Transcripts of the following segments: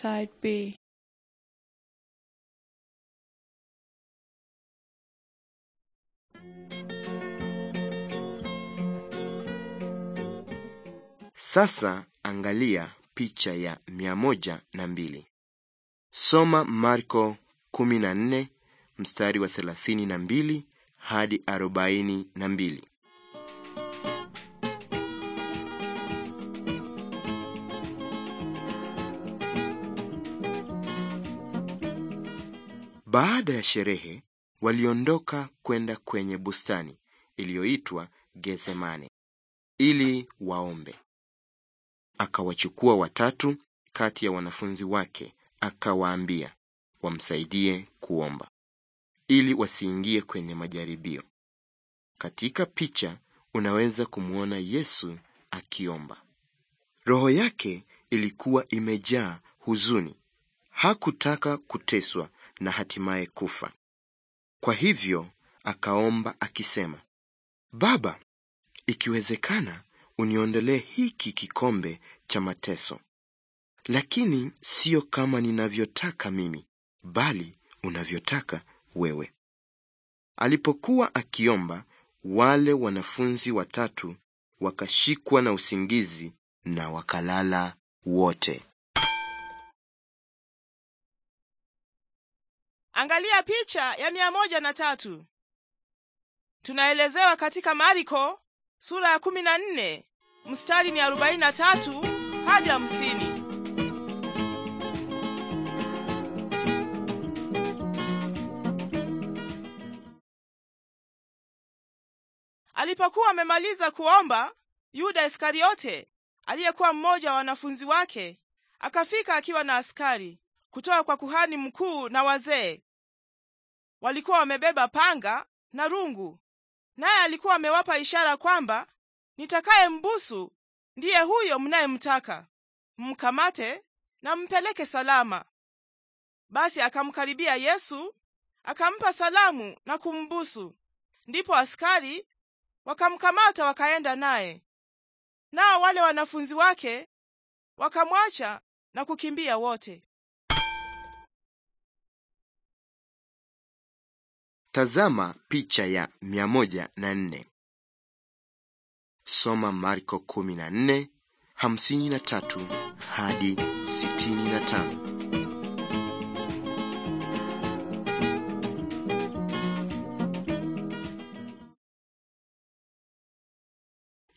side B Sasa angalia picha ya mia moja na mbili. Soma Marko kumi na nne mstari wa thelathini na mbili hadi arobaini na mbili. Baada ya sherehe, waliondoka kwenda kwenye bustani iliyoitwa Getsemane ili waombe. Akawachukua watatu kati ya wanafunzi wake, akawaambia wamsaidie kuomba ili wasiingie kwenye majaribio. Katika picha unaweza kumwona Yesu akiomba. Roho yake ilikuwa imejaa huzuni, hakutaka kuteswa na hatimaye kufa. Kwa hivyo akaomba akisema, Baba, ikiwezekana uniondolee hiki kikombe cha mateso, lakini siyo kama ninavyotaka mimi, bali unavyotaka wewe. Alipokuwa akiomba, wale wanafunzi watatu wakashikwa na usingizi na wakalala wote. Angalia picha ya mia moja na tatu. Tunaelezewa katika Mariko sura ya kumi na nne mstari ni arobaini na tatu hadi hamsini. Alipokuwa amemaliza kuomba, Yuda Iskariote aliyekuwa mmoja wa wanafunzi wake akafika akiwa na askari kutoka kwa kuhani mkuu na wazee walikuwa wamebeba panga na rungu, naye alikuwa amewapa ishara kwamba nitakaye mbusu ndiye huyo mnayemtaka, mkamate na mpeleke salama. Basi akamkaribia Yesu akampa salamu na kumbusu. Ndipo askari wakamkamata wakaenda naye, nao wale wanafunzi wake wakamwacha na kukimbia wote. Tazama picha ya 104. Soma Marko 14 53 hadi 65.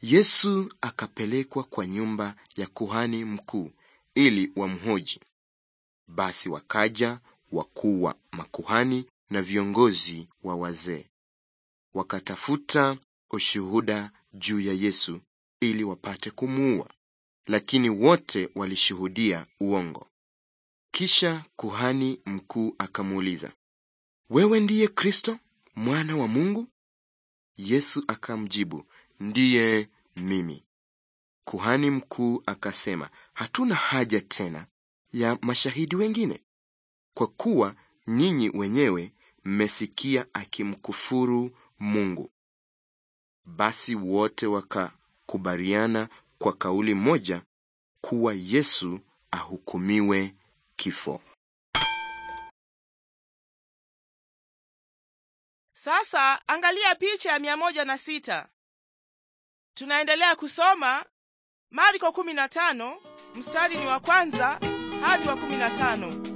Yesu akapelekwa kwa nyumba ya kuhani mkuu ili wamhoji. Basi wakaja wakuu wa makuhani na viongozi wa wazee, wakatafuta ushuhuda juu ya Yesu ili wapate kumuua, lakini wote walishuhudia uongo. Kisha kuhani mkuu akamuuliza, wewe ndiye Kristo mwana wa Mungu? Yesu akamjibu, ndiye mimi. Kuhani mkuu akasema, hatuna haja tena ya mashahidi wengine, kwa kuwa ninyi wenyewe mmesikia akimkufuru Mungu. Basi wote wakakubaliana kwa kauli moja kuwa Yesu ahukumiwe kifo. Sasa angalia picha ya mia moja na sita. Tunaendelea kusoma Marko 15 mstari ni wa kwanza hadi wa 15.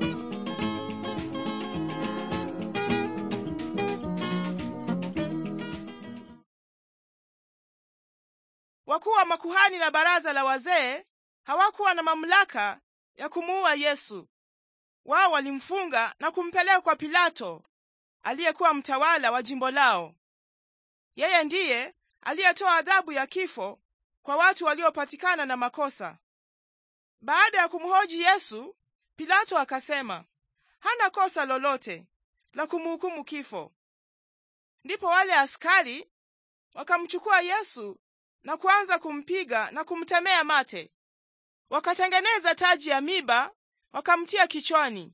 Wakuu wa makuhani na baraza la wazee hawakuwa na mamlaka ya kumuua Yesu. Wao walimfunga na kumpeleka kwa Pilato, aliyekuwa mtawala wa jimbo lao. Yeye ndiye aliyetoa adhabu ya kifo kwa watu waliopatikana na makosa. Baada ya kumhoji Yesu, Pilato akasema hana kosa lolote la kumhukumu kifo. Ndipo wale askari wakamchukua Yesu na kuanza kumpiga na kumtemea mate. Wakatengeneza taji ya miba, wakamtia kichwani,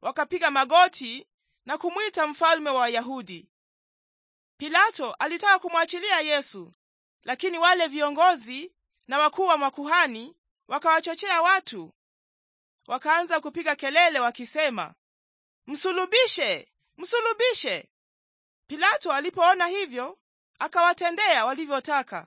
wakapiga magoti na kumwita mfalme wa Wayahudi. Pilato alitaka kumwachilia Yesu, lakini wale viongozi na wakuu wa makuhani wakawachochea watu, wakaanza kupiga kelele wakisema, msulubishe, msulubishe! Pilato alipoona hivyo akawatendea walivyotaka.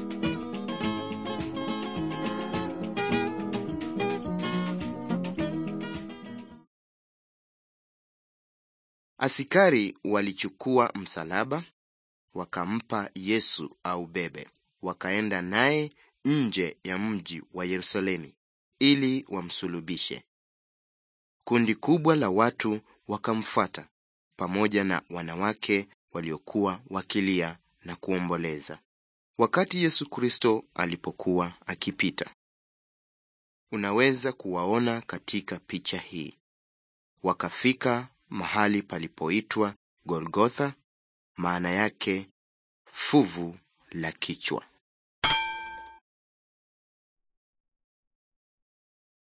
Askari walichukua msalaba, wakampa Yesu aubebe, wakaenda naye nje ya mji wa Yerusalemu ili wamsulubishe. Kundi kubwa la watu wakamfuata pamoja na wanawake waliokuwa wakilia na kuomboleza wakati Yesu Kristo alipokuwa akipita. Unaweza kuwaona katika picha hii. Wakafika mahali palipoitwa Golgotha, maana yake fuvu la kichwa.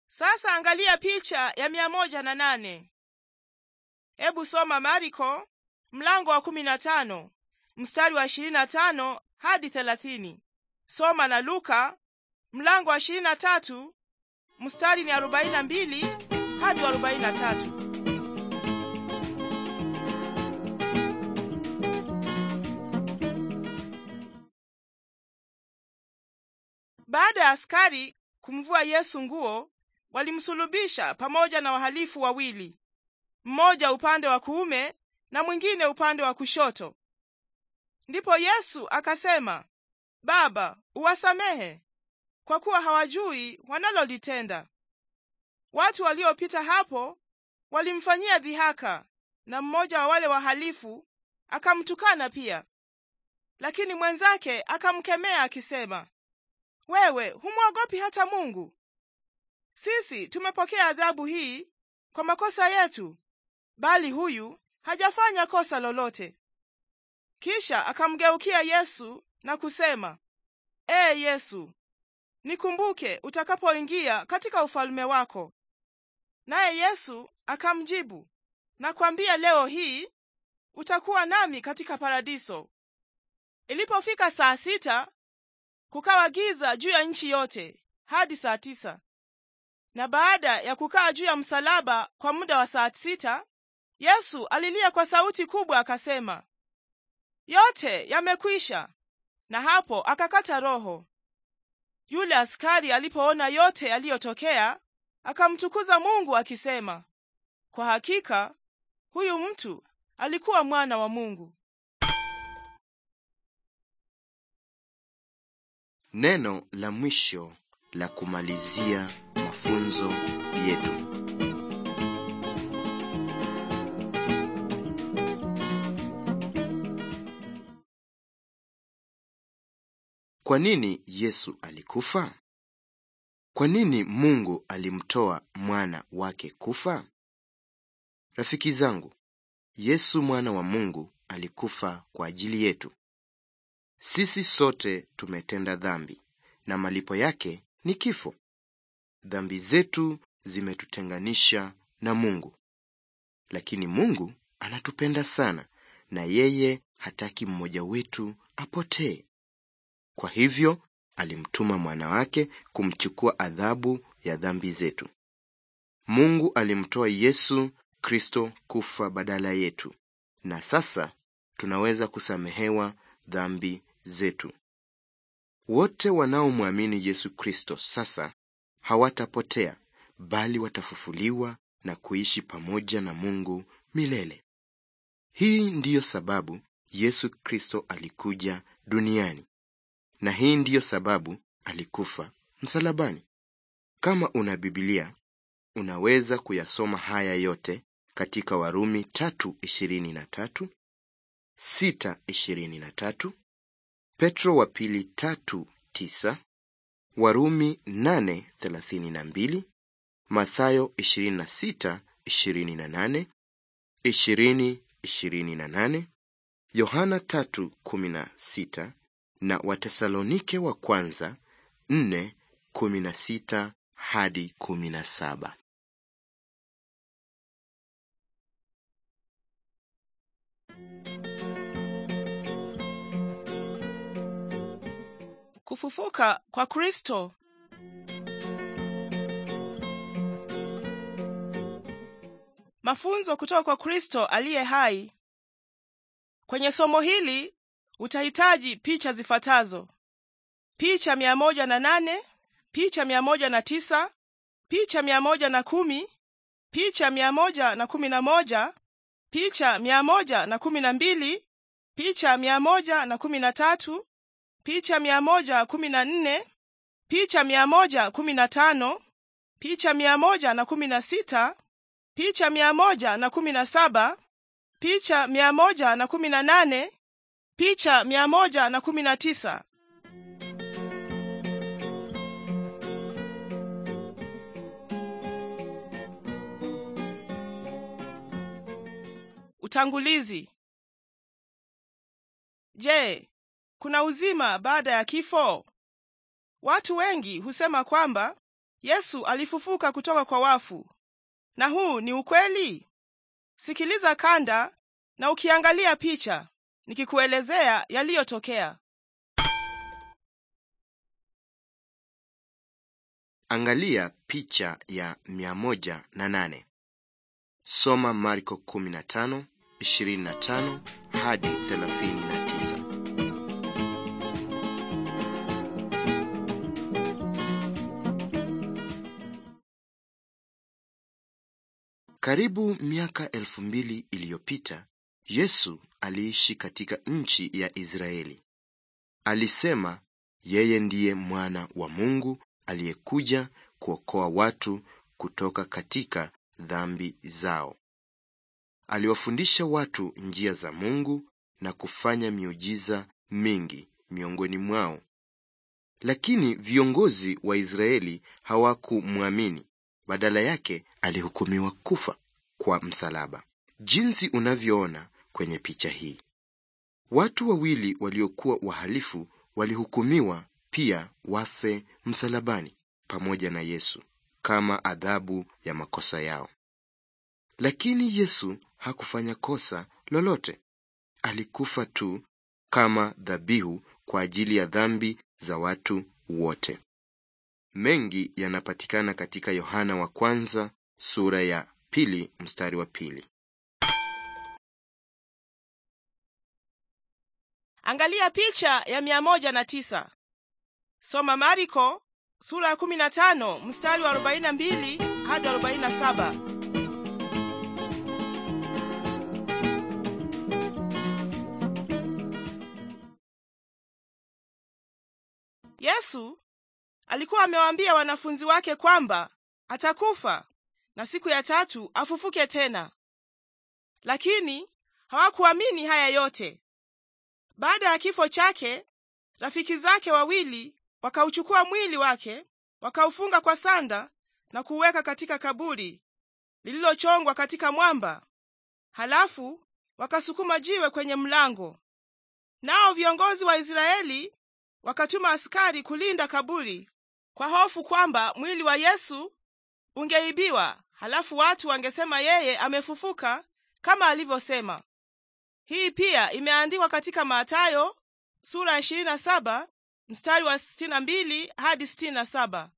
Sasa angalia picha ya mia moja na nane. Hebu soma Mariko mlango wa kumi na tano mstari wa ishirini na tano hadi thelathini. Soma na Luka mlango wa ishirini na tatu mstari ni arobaini na mbili hadi arobaini na tatu. Baada ya askari kumvua Yesu nguo, walimsulubisha pamoja na wahalifu wawili, mmoja upande wa kuume na mwingine upande wa kushoto. Ndipo Yesu akasema, Baba, uwasamehe kwa kuwa hawajui wanalolitenda. Watu waliopita hapo walimfanyia dhihaka, na mmoja wa wale wahalifu akamtukana pia, lakini mwenzake akamkemea akisema, wewe humwogopi hata Mungu? Sisi tumepokea adhabu hii kwa makosa yetu, bali huyu hajafanya kosa lolote. Kisha akamgeukia Yesu na kusema, Ee Yesu, nikumbuke utakapoingia katika ufalume wako. Naye Yesu akamjibu, nakwambia leo hii utakuwa nami katika paradiso. Ilipofika saa sita kukawa giza juu ya nchi yote hadi saa tisa. Na baada ya kukaa juu ya msalaba kwa muda wa saa sita, Yesu alilia kwa sauti kubwa akasema, yote yamekwisha. Na hapo akakata roho. Yule askari alipoona yote yaliyotokea, akamtukuza Mungu akisema, kwa hakika huyu mtu alikuwa mwana wa Mungu. Neno la mwisho la kumalizia mafunzo yetu. Kwa nini Yesu alikufa? Kwa nini Mungu alimtoa mwana wake kufa? Rafiki zangu, Yesu mwana wa Mungu alikufa kwa ajili yetu. Sisi sote tumetenda dhambi na malipo yake ni kifo. Dhambi zetu zimetutenganisha na Mungu, lakini Mungu anatupenda sana, na yeye hataki mmoja wetu apotee. Kwa hivyo alimtuma mwana wake kumchukua adhabu ya dhambi zetu. Mungu alimtoa Yesu Kristo kufa badala yetu, na sasa tunaweza kusamehewa dhambi zetu. Wote wanaomwamini Yesu Kristo sasa hawatapotea bali watafufuliwa na kuishi pamoja na Mungu milele. Hii ndiyo sababu Yesu Kristo alikuja duniani. Na hii ndiyo sababu alikufa msalabani. Kama una Biblia, unaweza kuyasoma haya yote katika Warumi 3:23, 6:23, Petro wa pili tatu tisa, Warumi nane thelathini na mbili, Mathayo ishirini na sita ishirini na nane, ishirini ishirini na nane, Yohana tatu kumi na sita na Watesalonike wa kwanza nne kumi na sita hadi kumi na saba. kufufuka kwa Kristo. Mafunzo kutoka kwa Kristo aliye hai. Kwenye somo hili utahitaji picha zifuatazo: picha mia moja na nane, picha mia moja na tisa, picha mia moja na kumi, picha mia moja na kumi na moja, picha mia moja na kumi na mbili, picha mia moja na kumi na tatu, picha mia moja kumi na nne picha mia moja kumi na tano picha mia moja na kumi na sita picha mia moja na kumi na saba picha mia moja na kumi na nane picha mia moja na kumi na tisa Utangulizi. Je, kuna uzima baada ya kifo? Watu wengi husema kwamba Yesu alifufuka kutoka kwa wafu, na huu ni ukweli. Sikiliza kanda na ukiangalia picha nikikuelezea yaliyotokea. Angalia picha ya 108. Soma Marko 15:25 hadi 30. Karibu miaka elfu mbili iliyopita Yesu aliishi katika nchi ya Israeli. Alisema yeye ndiye mwana wa Mungu aliyekuja kuokoa watu kutoka katika dhambi zao. Aliwafundisha watu njia za Mungu na kufanya miujiza mingi miongoni mwao. Lakini viongozi wa Israeli hawakumwamini badala yake alihukumiwa kufa kwa msalaba, jinsi unavyoona kwenye picha hii. Watu wawili waliokuwa wahalifu walihukumiwa pia wafe msalabani pamoja na Yesu kama adhabu ya makosa yao. Lakini Yesu hakufanya kosa lolote. Alikufa tu kama dhabihu kwa ajili ya dhambi za watu wote mengi yanapatikana katika Yohana wa kwanza sura ya pili mstari wa pili. Angalia picha ya mia moja na tisa. Soma Mariko sura ya 15 mstari wa 42 hadi 47. Yesu alikuwa amewaambia wanafunzi wake kwamba atakufa na siku ya tatu afufuke tena, lakini hawakuamini haya yote. Baada ya kifo chake, rafiki zake wawili wakauchukua mwili wake wakaufunga kwa sanda na kuuweka katika kaburi lililochongwa katika mwamba. Halafu wakasukuma jiwe kwenye mlango. Nao viongozi wa Israeli wakatuma askari kulinda kaburi kwa hofu kwamba mwili wa Yesu ungeibiwa, halafu watu wangesema yeye amefufuka kama alivyosema. Hii pia imeandikwa katika Mathayo sura 27 mstari wa 62 hadi 67.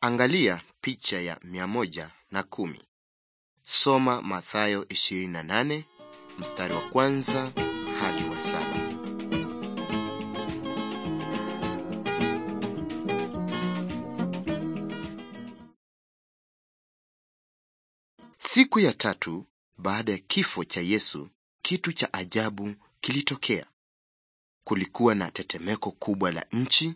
Angalia picha ya 110. Soma Mathayo 28 mstari wa kwanza hadi wa saba. Siku ya tatu baada ya kifo cha Yesu, kitu cha ajabu kilitokea. Kulikuwa na tetemeko kubwa la nchi,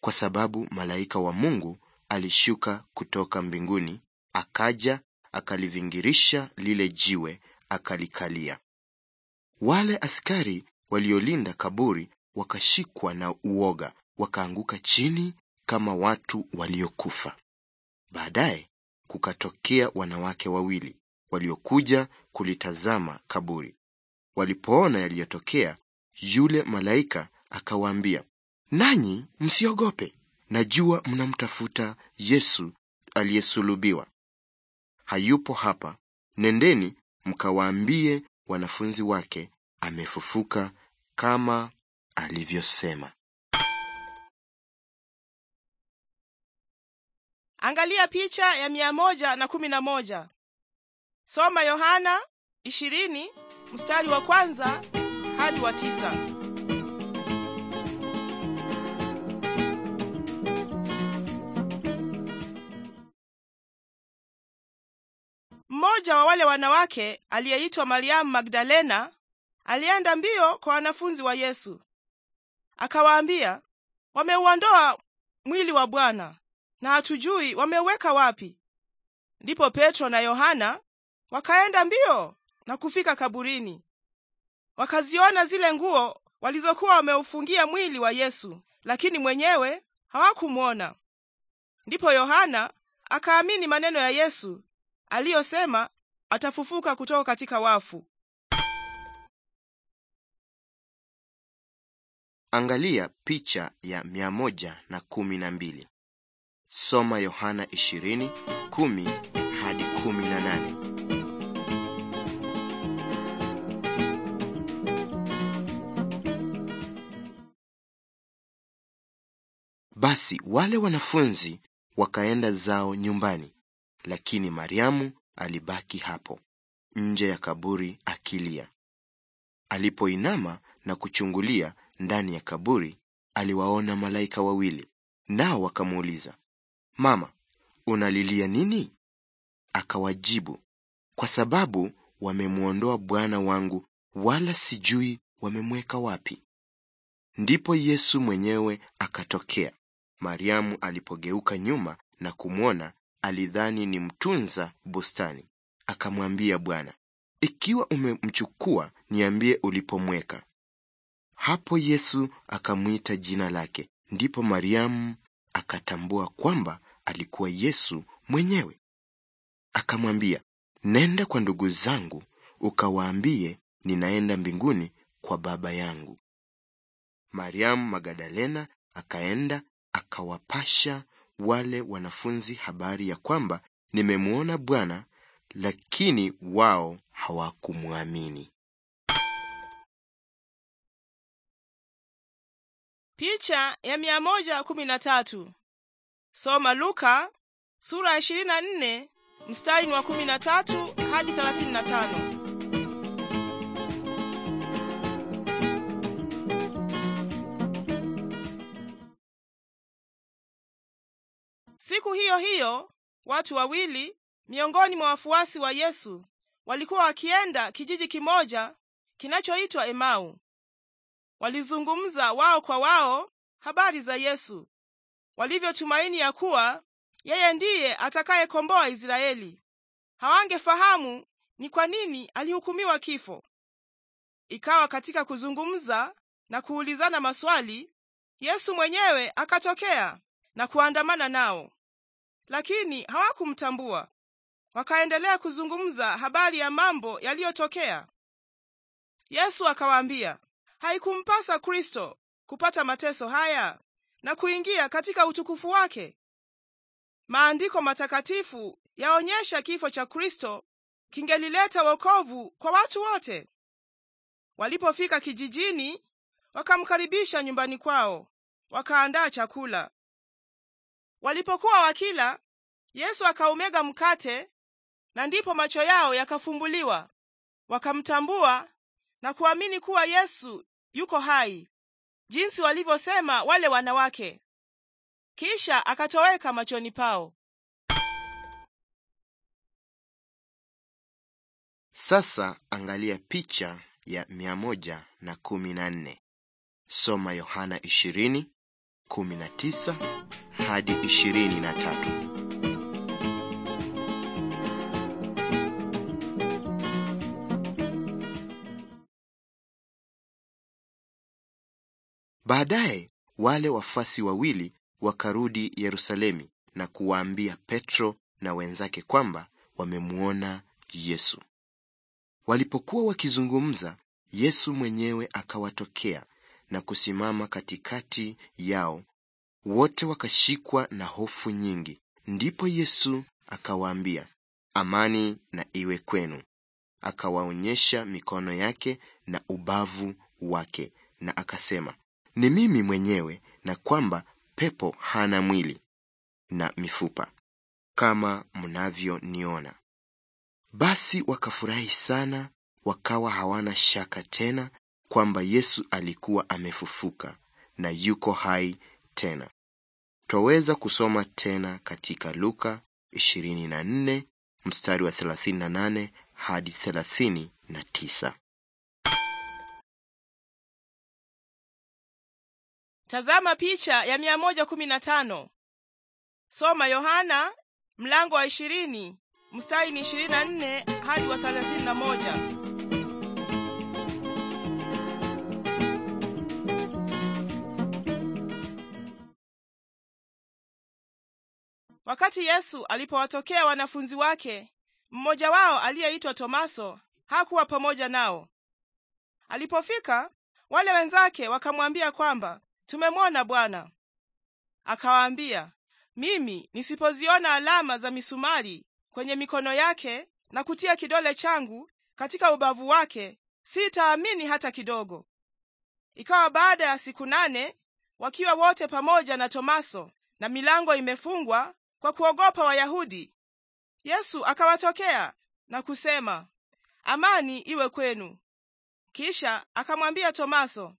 kwa sababu malaika wa Mungu alishuka kutoka mbinguni, akaja akalivingirisha lile jiwe, akalikalia. Wale askari waliolinda kaburi wakashikwa na uoga, wakaanguka chini kama watu waliokufa. Baadaye kukatokea wanawake wawili waliokuja kulitazama kaburi. Walipoona yaliyotokea, yule malaika akawaambia, nanyi msiogope, najua mnamtafuta Yesu aliyesulubiwa. Hayupo hapa. Nendeni mkawaambie wanafunzi wake amefufuka kama alivyosema. Angalia picha ya mia moja na kumi na moja. Soma Yohana 20 mstari wa kwanza hadi wa tisa. Mmoja wa wale wanawake aliyeitwa Mariamu Magdalena alienda mbio kwa wanafunzi wa Yesu akawaambia, wameuondoa mwili wa Bwana na hatujui wameuweka wapi. Ndipo Petro na Yohana Wakaenda mbio na kufika kaburini, wakaziona zile nguo walizokuwa wameufungia mwili wa Yesu, lakini mwenyewe hawakumwona. Ndipo Yohana akaamini maneno ya Yesu aliyosema atafufuka kutoka katika wafu. Angalia picha ya 112. Soma Yohana 20:10 hadi 18. Basi wale wanafunzi wakaenda zao nyumbani, lakini Mariamu alibaki hapo nje ya kaburi akilia. Alipoinama na kuchungulia ndani ya kaburi, aliwaona malaika wawili, nao wakamuuliza, Mama, unalilia nini? Akawajibu, kwa sababu wamemwondoa Bwana wangu, wala sijui wamemweka wapi. Ndipo Yesu mwenyewe akatokea Mariamu alipogeuka nyuma na kumwona, alidhani ni mtunza bustani. Akamwambia Bwana, ikiwa umemchukua, niambie ulipomweka. Hapo Yesu akamwita jina lake. Ndipo Mariamu akatambua kwamba alikuwa Yesu mwenyewe. Akamwambia, nenda kwa ndugu zangu ukawaambie ninaenda mbinguni kwa Baba yangu. Mariamu Magdalena akaenda akawapasha wale wanafunzi habari ya kwamba nimemwona Bwana, lakini wao hawakumwamini. Picha ya mia moja kumi na tatu. Soma Luka sura ya 24 mstari wa 13 hadi 35. Siku hiyo hiyo watu wawili miongoni mwa wafuasi wa Yesu walikuwa wakienda kijiji kimoja kinachoitwa Emau. Walizungumza wao kwa wao habari za Yesu, walivyotumaini ya kuwa yeye ndiye atakayekomboa Israeli. Hawangefahamu ni kwa nini alihukumiwa kifo. Ikawa katika kuzungumza na kuulizana maswali, Yesu mwenyewe akatokea na kuandamana nao lakini hawakumtambua. Wakaendelea kuzungumza habari ya mambo yaliyotokea. Yesu akawaambia, haikumpasa Kristo kupata mateso haya na kuingia katika utukufu wake. Maandiko matakatifu yaonyesha kifo cha Kristo kingelileta wokovu kwa watu wote. Walipofika kijijini, wakamkaribisha nyumbani kwao, wakaandaa chakula. Walipokuwa wakila, Yesu akaumega mkate, na ndipo macho yao yakafumbuliwa, wakamtambua na kuamini kuwa Yesu yuko hai, jinsi walivyosema wale wanawake. Kisha akatoweka machoni pao. Sasa angalia picha ya mia moja na kumi na nne. Soma Yohana ishirini 19 hadi 23. Baadaye wale wafuasi wawili wakarudi Yerusalemi na kuwaambia Petro na wenzake kwamba wamemwona Yesu. Walipokuwa wakizungumza, Yesu mwenyewe akawatokea na kusimama katikati yao, wote wakashikwa na hofu nyingi. Ndipo Yesu akawaambia, amani na iwe kwenu. Akawaonyesha mikono yake na ubavu wake, na akasema, ni mimi mwenyewe, na kwamba pepo hana mwili na mifupa kama mnavyoniona. Basi wakafurahi sana, wakawa hawana shaka tena kwamba Yesu alikuwa amefufuka na yuko hai tena. Twaweza kusoma tena katika Luka 24 mstari wa 38 hadi 39. Tazama picha ya 115. Soma Yohana mlango wa 20 mstari 24 hadi wa 31. Wakati Yesu alipowatokea wanafunzi wake, mmoja wao aliyeitwa Tomaso hakuwa pamoja nao. Alipofika, wale wenzake wakamwambia kwamba tumemwona Bwana. Akawaambia, mimi nisipoziona alama za misumari kwenye mikono yake na kutia kidole changu katika ubavu wake sitaamini hata kidogo. Ikawa baada ya siku nane, wakiwa wote pamoja na Tomaso na milango imefungwa, kwa kuogopa Wayahudi, Yesu akawatokea na kusema, amani iwe kwenu. Kisha akamwambia Tomaso,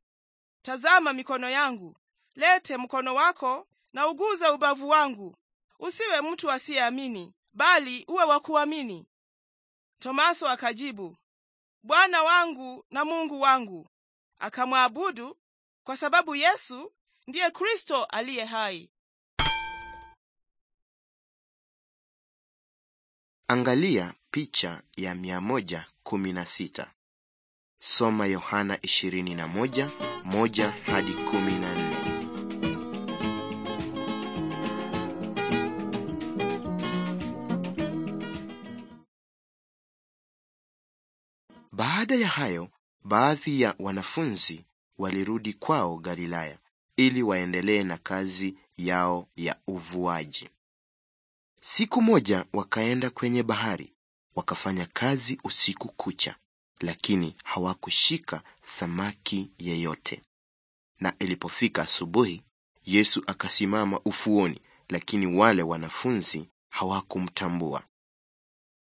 tazama mikono yangu, lete mkono wako na uguze ubavu wangu. Usiwe mtu asiyeamini, bali uwe wa kuamini. Tomaso akajibu, Bwana wangu na Mungu wangu. Akamwabudu kwa sababu Yesu ndiye Kristo aliye hai. Angalia picha ya 116. Soma Yohana 21, 1 hadi 14. Baada ya hayo, baadhi ya wanafunzi walirudi kwao Galilaya ili waendelee na kazi yao ya uvuaji. Siku moja wakaenda kwenye bahari, wakafanya kazi usiku kucha, lakini hawakushika samaki yeyote. Na ilipofika asubuhi, Yesu akasimama ufuoni, lakini wale wanafunzi hawakumtambua.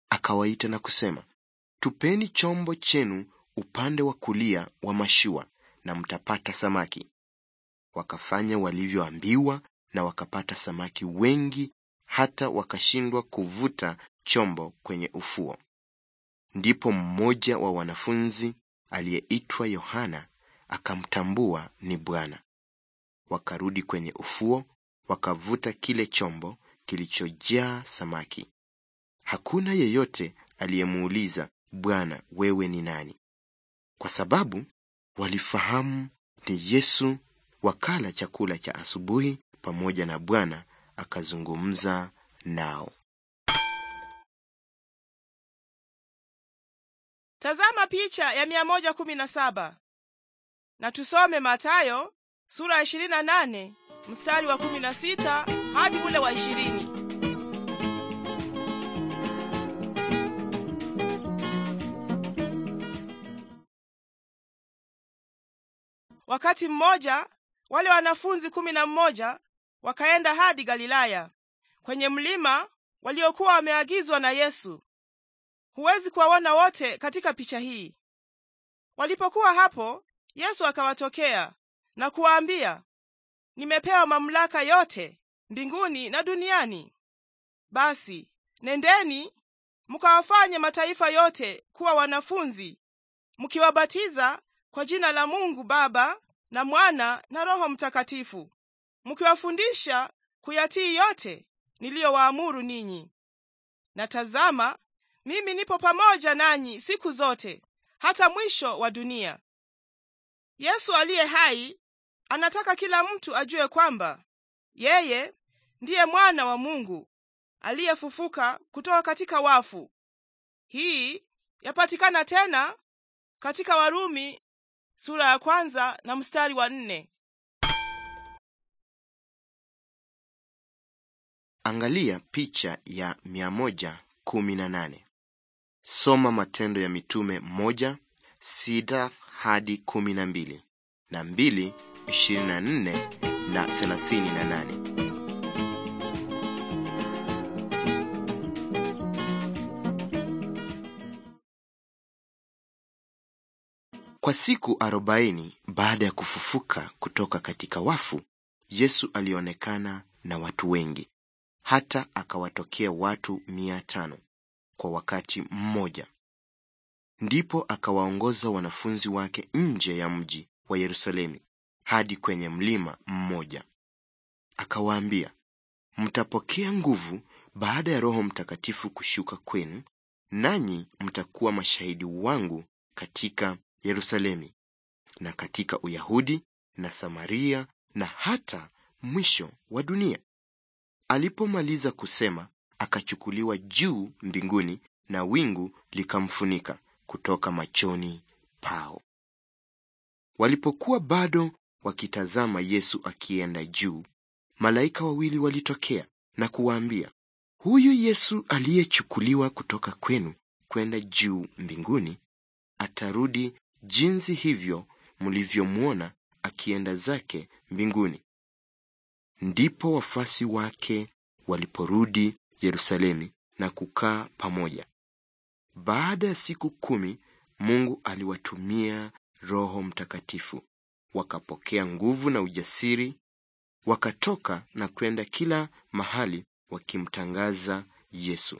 Akawaita na kusema, tupeni chombo chenu upande wa kulia wa mashua na mtapata samaki. Wakafanya walivyoambiwa na wakapata samaki wengi hata wakashindwa kuvuta chombo kwenye ufuo. Ndipo mmoja wa wanafunzi aliyeitwa Yohana akamtambua ni Bwana. Wakarudi kwenye ufuo, wakavuta kile chombo kilichojaa samaki. Hakuna yeyote aliyemuuliza, Bwana, wewe ni nani? Kwa sababu walifahamu ni Yesu. Wakala chakula cha asubuhi pamoja na Bwana akazungumza nao. Tazama picha ya 117 na tusome Mathayo sura ya 28 mstari wa 16 hadi ule wa 20. Wakati mmoja wale wanafunzi kumi na mmoja wakaenda hadi Galilaya kwenye mlima waliokuwa wameagizwa na Yesu. Huwezi kuwaona wote katika picha hii. Walipokuwa hapo, Yesu akawatokea na kuwaambia, nimepewa mamlaka yote mbinguni na duniani. Basi nendeni mkawafanye mataifa yote kuwa wanafunzi, mkiwabatiza kwa jina la Mungu Baba na Mwana na Roho Mtakatifu, mkiwafundisha kuyatii yote niliyowaamuru ninyi. Na tazama, mimi nipo pamoja nanyi siku zote, hata mwisho wa dunia. Yesu aliye hai anataka kila mtu ajue kwamba yeye ndiye Mwana wa Mungu aliyefufuka kutoka katika wafu. Hii yapatikana tena katika Warumi sura ya kwanza na mstari wa nne. Angalia picha ya 118. Soma Matendo ya Mitume 1 6 hadi 12 na 2 24 na 38. Kwa siku arobaini baada ya kufufuka kutoka katika wafu, Yesu alionekana na watu wengi hata akawatokea watu mia tano kwa wakati mmoja. Ndipo akawaongoza wanafunzi wake nje ya mji wa Yerusalemu hadi kwenye mlima mmoja, akawaambia, mtapokea nguvu baada ya Roho Mtakatifu kushuka kwenu, nanyi mtakuwa mashahidi wangu katika Yerusalemu na katika Uyahudi na Samaria na hata mwisho wa dunia. Alipomaliza kusema, akachukuliwa juu mbinguni na wingu likamfunika kutoka machoni pao. Walipokuwa bado wakitazama Yesu akienda juu, malaika wawili walitokea na kuwaambia, huyu Yesu aliyechukuliwa kutoka kwenu kwenda juu mbinguni atarudi jinsi hivyo mlivyomwona akienda zake mbinguni. Ndipo wafuasi wake waliporudi Yerusalemu na kukaa pamoja. Baada ya siku kumi, Mungu aliwatumia Roho Mtakatifu, wakapokea nguvu na ujasiri, wakatoka na kwenda kila mahali wakimtangaza Yesu,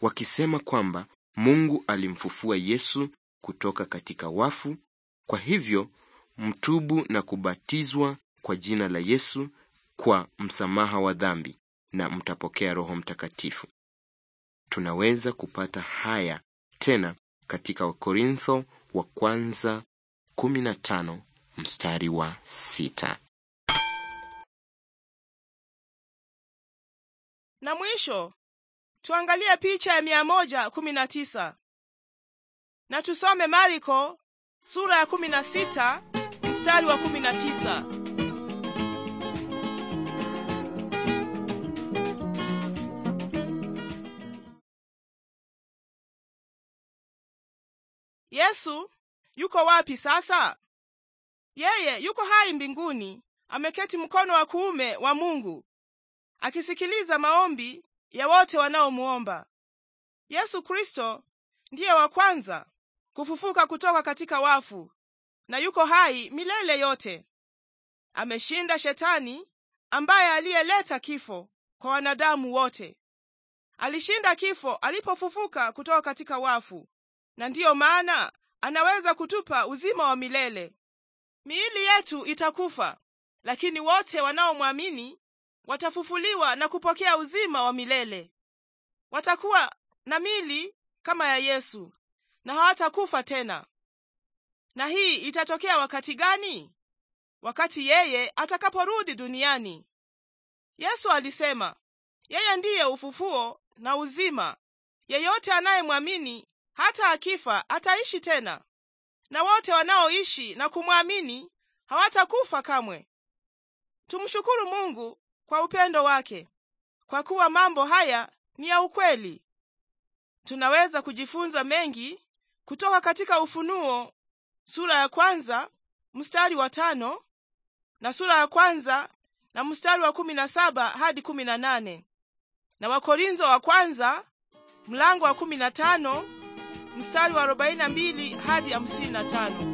wakisema kwamba Mungu alimfufua Yesu kutoka katika wafu. Kwa hivyo mtubu na kubatizwa kwa jina la Yesu kwa msamaha wa dhambi na mtapokea Roho Mtakatifu. Tunaweza kupata haya tena katika Wakorintho wa kwanza 15 mstari wa 6. Na mwisho tuangalie picha ya 119 na tusome Mariko sura ya 16 mstari wa 19. Yesu yuko wapi sasa? Yeye yuko hai mbinguni, ameketi mkono wa kuume wa Mungu, akisikiliza maombi ya wote wanaomwomba. Yesu Kristo ndiye wa kwanza kufufuka kutoka katika wafu na yuko hai milele yote. Ameshinda Shetani ambaye aliyeleta kifo kwa wanadamu wote. Alishinda kifo alipofufuka kutoka katika wafu na ndiyo maana anaweza kutupa uzima wa milele. Miili yetu itakufa, lakini wote wanaomwamini watafufuliwa na kupokea uzima wa milele. Watakuwa na mili kama ya Yesu na hawatakufa tena. Na hii itatokea wakati gani? Wakati yeye atakaporudi duniani. Yesu alisema yeye ndiye ufufuo na uzima, yeyote anayemwamini hata akifa ataishi tena, na wote wanaoishi na kumwamini hawatakufa kamwe. Tumshukuru Mungu kwa upendo wake, kwa kuwa mambo haya ni ya ukweli. Tunaweza kujifunza mengi kutoka katika Ufunuo sura ya kwanza mstari wa tano na sura ya kwanza na mstari wa kumi na saba hadi kumi na nane na Wakorinzo wa kwanza mlango wa kumi na tano mstari wa 42 hadi 55.